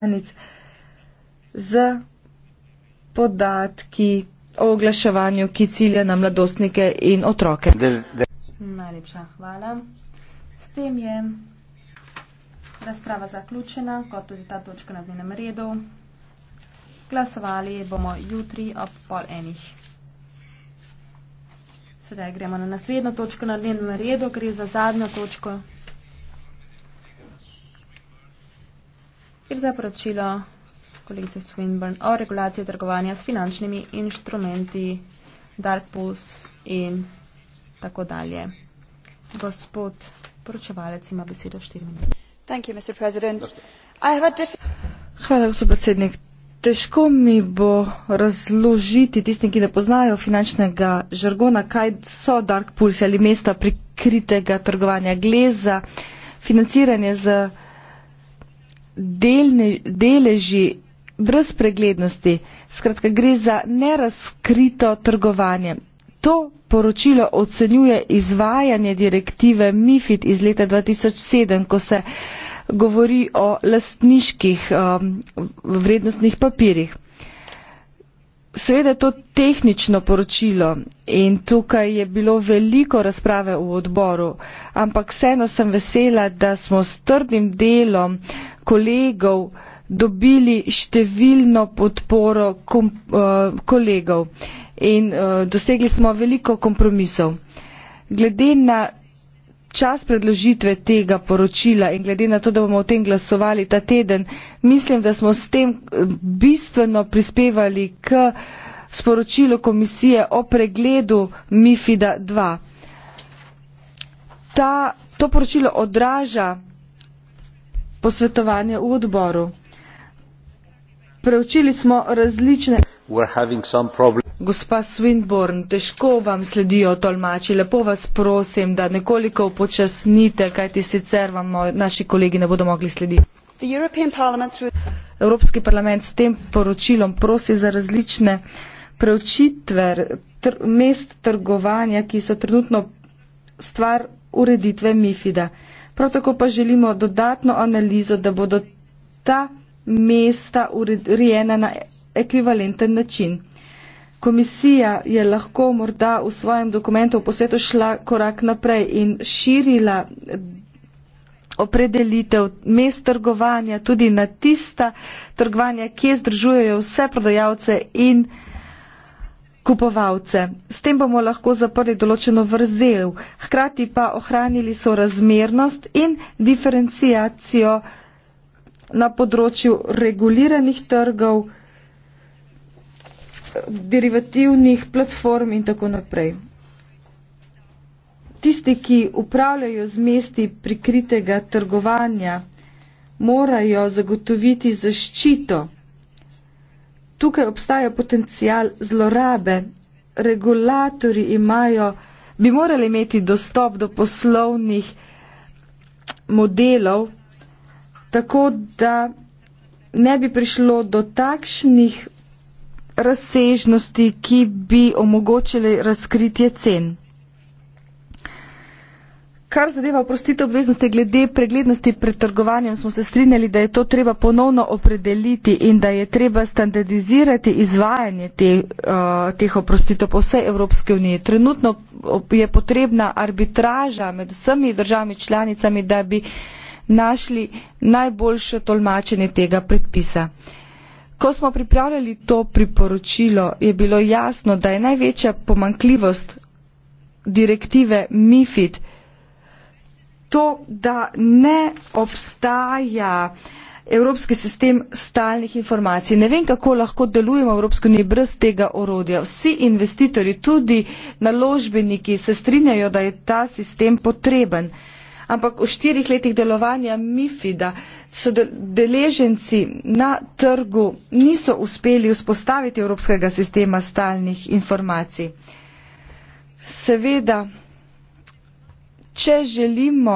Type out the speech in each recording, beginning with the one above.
članic z podatki o oglaševanju, ki cilja na mladostnike in otroke. Najlepša hvala. S tem je razprava zaključena, kot tudi ta točka na dnevnem redu. Glasovali bomo jutri ob pol enih. Sedaj gremo na naslednjo točko na dnevnem redu, gre za zadnjo točko. Gre za poročilo kolegice Swinburne o regulaciji trgovanja s finančnimi inštrumenti, dark pools in tako dalje. Gospod poročevalec ima besedo 4 minute. Hvala, gospod predsednik. Težko mi bo razložiti tistim, ki ne poznajo finančnega žargona, kaj so dark pools ali mesta prikritega trgovanja. Gleza, financiranje z delne, deleži brez preglednosti. Skratka, gre za nerazkrito trgovanje. To poročilo ocenjuje izvajanje direktive MIFID iz leta 2007, ko se govori o lastniških um, vrednostnih papirjih. Seveda je to tehnično poročilo in tukaj je bilo veliko razprave v odboru, ampak vseeno sem vesela, da smo s trdnim delom kolegov dobili številno podporo kom, uh, kolegov in uh, dosegli smo veliko kompromisov. Glede na čas predložitve tega poročila in glede na to, da bomo o tem glasovali ta teden, mislim, da smo s tem eh, bistveno prispevali k sporočilu komisije o pregledu MIFID-2. To poročilo odraža posvetovanje v odboru. Preučili smo različne. Gospa Swinburne, težko vam sledijo tolmači, lepo vas prosim, da nekoliko upočasnite, kajti sicer vam naši kolegi ne bodo mogli slediti. Through... Evropski parlament s tem poročilom prosi za različne preučitve tr mest trgovanja, ki so trenutno stvar ureditve MIFIDA. Prav tako pa želimo dodatno analizo, da bodo ta mesta urejena na ekvivalenten način. Komisija je lahko morda v svojem dokumentu v posvetu šla korak naprej in širila opredelitev mest trgovanja tudi na tista trgovanja, ki združujejo vse prodajalce in trgovanje kupovalce. S tem bomo lahko zaprli določeno vrzel, hkrati pa ohranili so razmernost in diferencijacijo na področju reguliranih trgov, derivativnih platform in tako naprej. Tisti, ki upravljajo z mesti prikritega trgovanja, morajo zagotoviti zaščito tukaj obstaja potencial zlorabe. Regulatori imajo, bi morali imeti dostop do poslovnih modelov, tako da ne bi prišlo do takšnih razsežnosti, ki bi omogočili razkritje cen. Kar zadeva oprostite obveznosti glede preglednosti pred trgovanjem, smo se strinjali, da je to treba ponovno opredeliti in da je treba standardizirati izvajanje te, uh, teh oprostitev po vsej Evropske unije. Trenutno je potrebna arbitraža med vsemi državami članicami, da bi našli najboljše tolmačenje tega predpisa. Ko smo pripravljali to priporočilo, je bilo jasno, da je največja pomankljivost direktive MIFID – to, da ne obstaja evropski sistem stalnih informacij. Ne vem, kako lahko delujemo v Evropski uniji brez tega orodja. Vsi investitorji, tudi naložbeniki, se strinjajo, da je ta sistem potreben. Ampak v štirih letih delovanja MIFID-a so deleženci na trgu niso uspeli vzpostaviti evropskega sistema stalnih informacij. Seveda, če želimo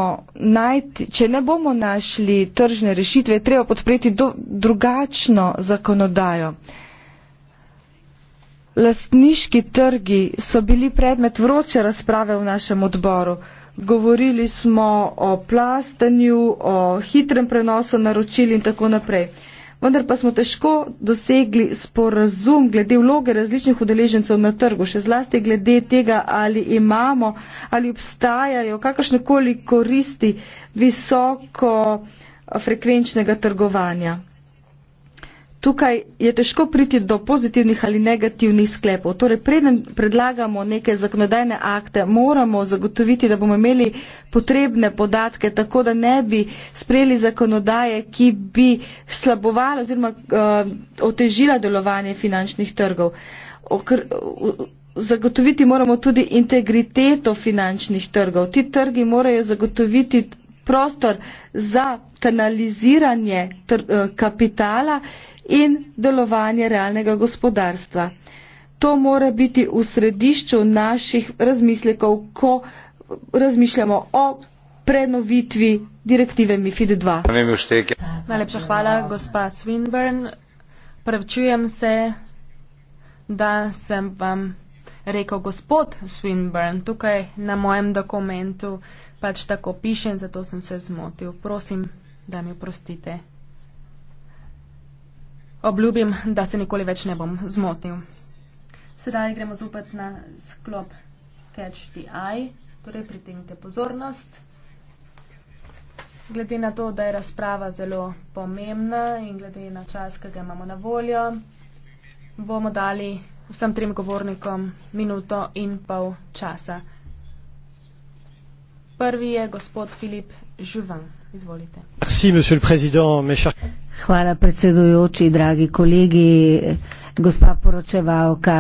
najti, če ne bomo našli tržne rešitve, je treba podpreti do, drugačno zakonodajo. Lastniški trgi so bili predmet vroče razprave v našem odboru. Govorili smo o plastanju, o hitrem prenosu naročil in tako naprej vendar pa smo težko dosegli sporazum glede vloge različnih udeležencev na trgu, še zlasti glede tega, ali imamo, ali obstajajo kakršnekoli koristi visoko frekvenčnega trgovanja. Tukaj je težko priti do pozitivnih ali negativnih sklepov. Torej, preden predlagamo neke zakonodajne akte, moramo zagotoviti, da bomo imeli potrebne podatke, tako da ne bi sprejeli zakonodaje, ki bi slabovala oziroma uh, otežila delovanje finančnih trgov. Okr zagotoviti moramo tudi integriteto finančnih trgov. Ti trgi morajo zagotoviti prostor za kanaliziranje eh, kapitala in delovanje realnega gospodarstva. To mora biti v središču naših razmislekov, ko razmišljamo o prenovitvi direktive MIFID 2. Najlepša hvala, gospa Swinburne. Prevčujem se, da sem vam rekel gospod Swinburne. Tukaj na mojem dokumentu pač tako piše in zato sem se zmotil. Prosim, da mi oprostite. Obljubim, da se nikoli več ne bom zmotil. Sedaj gremo zopet na sklop Catch the Eye, torej pritegnite pozornost. Glede na to, da je razprava zelo pomembna in glede na čas, ki ga imamo na voljo, bomo dali vsem trim govornikom minuto in pol časa. Prvi je gospod Filip Žuvan. Izvolite. Merci, Hvala predsedujoči, dragi kolegi, gospa poročevalka.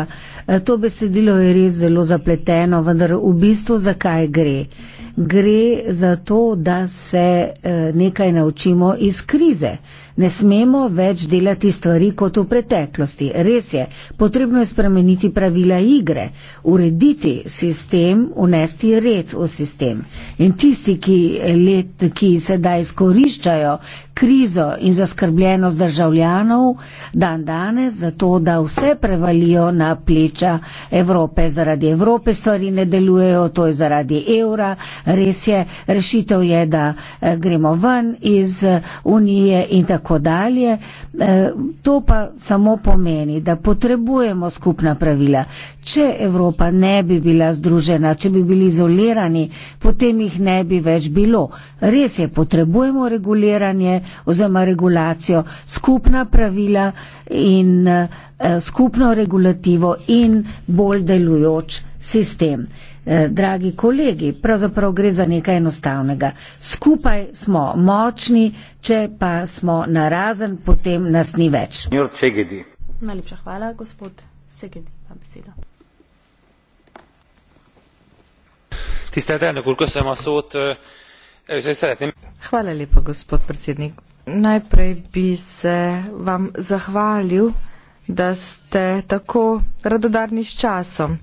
E, to besedilo je res zelo zapleteno, vendar v bistvu zakaj gre? Gre za to, da se e, nekaj naučimo iz krize. Ne smemo več delati stvari kot v preteklosti. Res je, potrebno je spremeniti pravila igre, urediti sistem, unesti red v sistem. In tisti, ki, let, ki sedaj izkoriščajo krizo in zaskrbljenost državljanov, dan danes, zato da vse prevalijo na pleča Evrope. Zaradi Evrope stvari ne delujejo, to je zaradi evra. Res je, rešitev je, da eh, gremo ven iz Unije in tako tako dalje. Eh, to pa samo pomeni, da potrebujemo skupna pravila. Če Evropa ne bi bila združena, če bi bili izolirani, potem jih ne bi več bilo. Res je, potrebujemo reguliranje oziroma regulacijo, skupna pravila in eh, skupno regulativo in bolj delujoč sistem. Eh, dragi kolegi, pravzaprav gre za nekaj enostavnega. Skupaj smo močni, če pa smo narazen, potem nas ni več. Najlepša hvala, gospod Segedi, za besedo. Tiste, da nekoliko se ima sod, že sretnim. Hvala lepa, gospod predsednik. Najprej bi se vam zahvalil, da ste tako radodarni s časom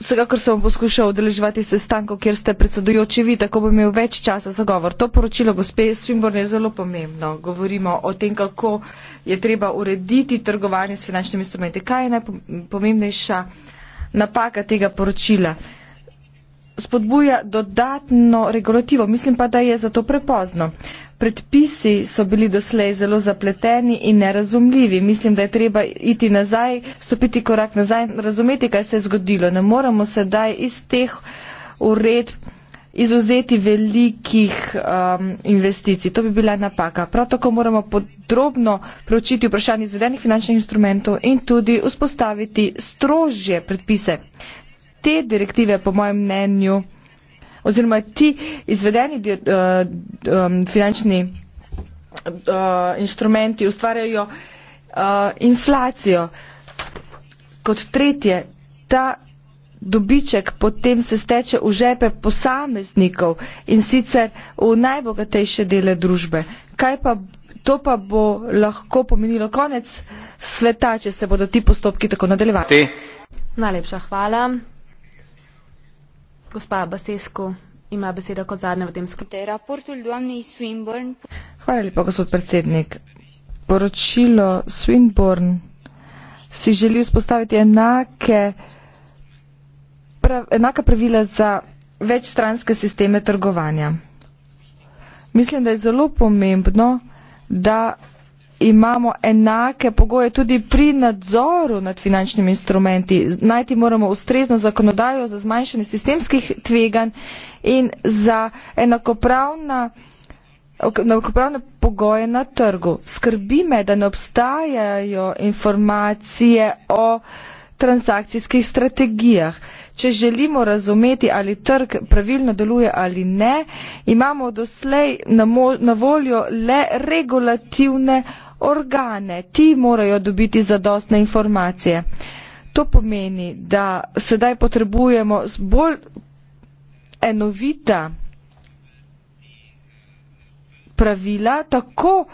vsekakor se bom poskušal odeleževati sestankov, kjer ste predsedujoči vi, tako bom imel več časa za govor. To poročilo, gospe Svimborn, je zelo pomembno. Govorimo o tem, kako je treba urediti trgovanje s finančnimi instrumenti. Kaj je najpomembnejša napaka tega poročila? spodbuja dodatno regulativo. Mislim pa, da je zato prepozno. Predpisi so bili doslej zelo zapleteni in nerazumljivi. Mislim, da je treba iti nazaj, stopiti korak nazaj in razumeti, kaj se je zgodilo. Ne moramo sedaj iz teh ured izuzeti velikih um, investicij. To bi bila napaka. Prav tako moramo podrobno preučiti vprašanje izvedenih finančnih instrumentov in tudi vzpostaviti strožje predpise te direktive, po mojem mnenju, oziroma ti izvedeni uh, um, finančni uh, inštrumenti ustvarjajo uh, inflacijo. Kot tretje, ta dobiček potem se steče v žepe posameznikov in sicer v najbogatejše dele družbe. Kaj pa to pa bo lahko pomenilo konec sveta, če se bodo ti postopki tako nadaljevali? Najlepša hvala. Gospa Basesko ima besedo kot zadnja v tem sklopu. Hvala lepa, gospod predsednik. Poročilo Swinburne si želi vzpostaviti enake, prav, enaka pravila za večstranske sisteme trgovanja. Mislim, da je zelo pomembno, da imamo enake pogoje tudi pri nadzoru nad finančnimi instrumenti. Najti moramo ustrezno zakonodajo za zmanjšanje sistemskih tveganj in za enakopravna na okopravne pogoje na trgu. Skrbi me, da ne obstajajo informacije o transakcijskih strategijah. Če želimo razumeti, ali trg pravilno deluje ali ne, imamo doslej na, mo- na voljo le regulativne organe, ti morajo dobiti zadostne informacije. To pomeni, da sedaj potrebujemo bolj enovita pravila, tako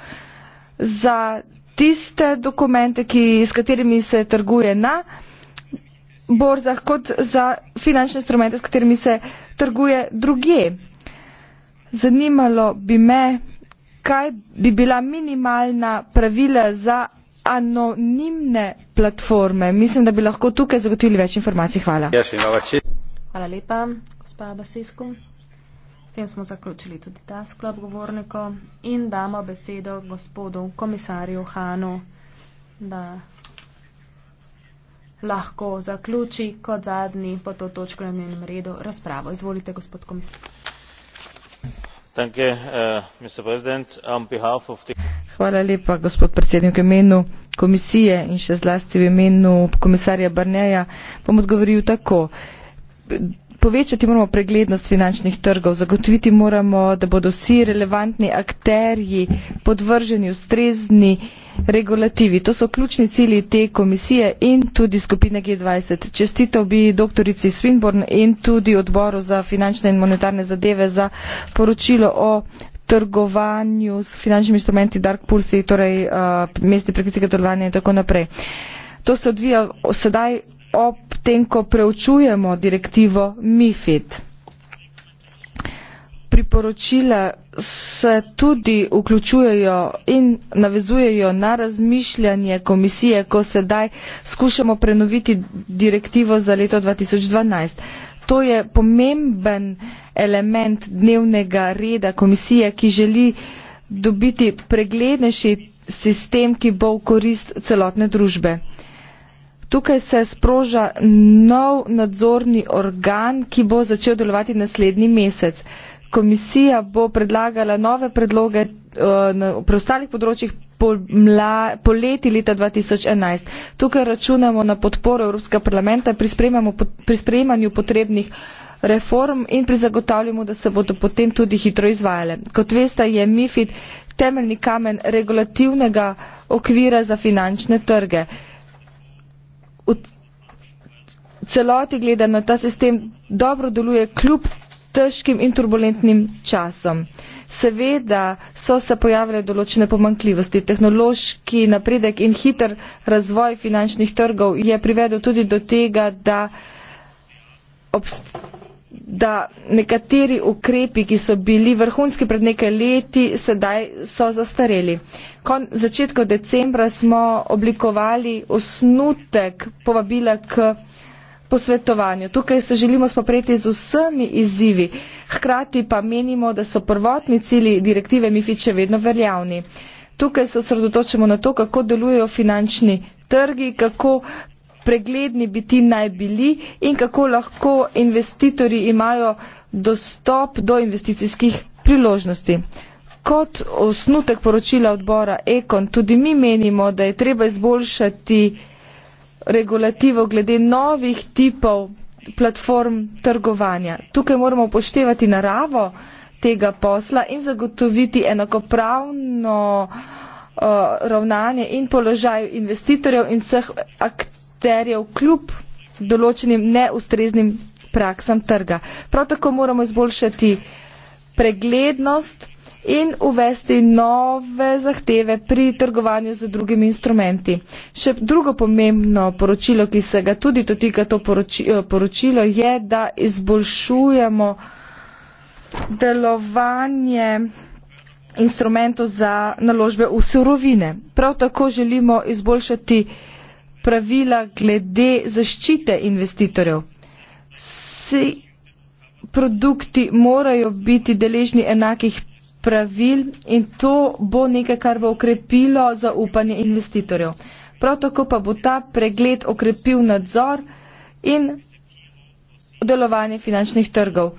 za tiste dokumente, ki, s katerimi se trguje na borzah, kot za finančne instrumente, s katerimi se trguje druge. Zanimalo bi me, kaj bi bila minimalna pravila za anonimne platforme. Mislim, da bi lahko tukaj zagotovili več informacij. Hvala. Hvala lepa, gospa Basisku. S tem smo zaključili tudi ta sklop govorniko in damo besedo gospodu komisarju Hanu, da lahko zaključi kot zadnji po to točko na njenem redu razpravo. Izvolite, gospod komisar. Eh, Hvala lepa, gospod predsednik, v imenu komisije in še zlasti v imenu komisarja Barneja bom odgovoril tako povečati moramo preglednost finančnih trgov, zagotoviti moramo, da bodo vsi relevantni akterji podvrženi ustrezni regulativi. To so ključni cilji te komisije in tudi skupine G20. Čestitev bi doktorici Svinborn in tudi odboru za finančne in monetarne zadeve za poročilo o trgovanju s finančnimi instrumenti Dark Pulse, torej uh, eh, mesti prekritega delovanja in tako naprej. To se odvija sedaj ob tem, ko preučujemo direktivo MIFID. Priporočila se tudi vključujejo in navezujejo na razmišljanje komisije, ko sedaj skušamo prenoviti direktivo za leto 2012. To je pomemben element dnevnega reda komisije, ki želi dobiti preglednejši sistem, ki bo v korist celotne družbe. Tukaj se sproža nov nadzorni organ, ki bo začel delovati naslednji mesec. Komisija bo predlagala nove predloge eh, na preostalih področjih po, mla, po leti leta 2011. Tukaj računamo na podporo Evropskega parlamenta pri, pri sprejemanju potrebnih reform in pri zagotavljanju, da se bodo potem tudi hitro izvajale. Kot veste, je MIFID temeljni kamen regulativnega okvira za finančne trge v celoti gledano ta sistem dobro deluje kljub težkim in turbulentnim časom. Seveda so se pojavile določene pomankljivosti. Tehnološki napredek in hiter razvoj finančnih trgov je privedel tudi do tega, da obstaja da nekateri ukrepi, ki so bili vrhunski pred nekaj leti, sedaj so zastareli. Kon začetku decembra smo oblikovali osnutek povabila k posvetovanju. Tukaj se želimo spopreti z vsemi izzivi, hkrati pa menimo, da so prvotni cilji direktive Mifiče vedno veljavni. Tukaj se osredotočamo na to, kako delujejo finančni trgi, kako pregledni bi ti naj bili in kako lahko investitorji imajo dostop do investicijskih priložnosti. Kot osnutek poročila odbora Ekon, tudi mi menimo, da je treba izboljšati regulativo glede novih tipov platform trgovanja. Tukaj moramo upoštevati naravo tega posla in zagotoviti enakopravno uh, ravnanje in položaj investitorjev in vseh aktivnosti terjev kljub določenim neustreznim praksam trga. Prav tako moramo izboljšati preglednost in uvesti nove zahteve pri trgovanju z drugimi instrumenti. Še drugo pomembno poročilo, ki se ga tudi dotika to eh, poročilo, je, da izboljšujemo delovanje instrumentov za naložbe v surovine. Prav tako želimo izboljšati pravila glede zaščite investitorjev. Vsi produkti morajo biti deležni enakih pravil in to bo nekaj, kar bo okrepilo zaupanje investitorjev. Prav tako pa bo ta pregled okrepil nadzor in delovanje finančnih trgov.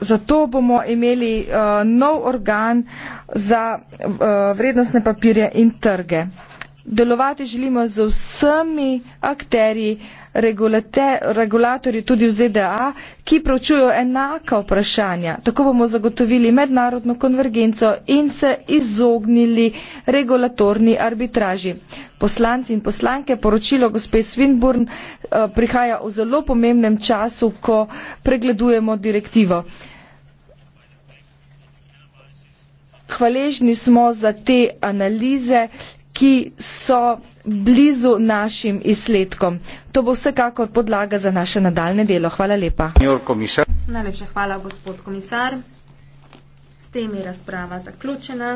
Zato bomo imeli uh, nov organ za uh, vrednostne papirje in trge delovati želimo z vsemi akterji, regulatorji tudi v ZDA, ki pravčujo enaka vprašanja. Tako bomo zagotovili mednarodno konvergenco in se izognili regulatorni arbitraži. Poslanci in poslanke, poročilo gospe Svinburn eh, prihaja v zelo pomembnem času, ko pregledujemo direktivo. Hvaležni smo za te analize ki so blizu našim izsledkom. To bo vsekakor podlaga za naše nadaljne delo. Hvala lepa. Najlepša hvala, gospod komisar. S tem je razprava zaključena.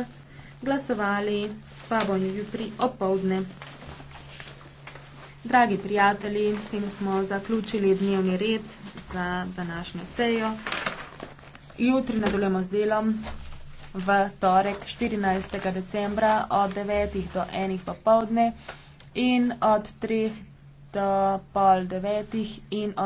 Glasovali pa bomo jutri opovdne. Dragi prijatelji, s tem smo zaključili dnevni red za današnjo sejo. Jutri nadaljujemo z delom v torek 14. decembra od 9. do 1. popovdne in od 3. do pol 9. in od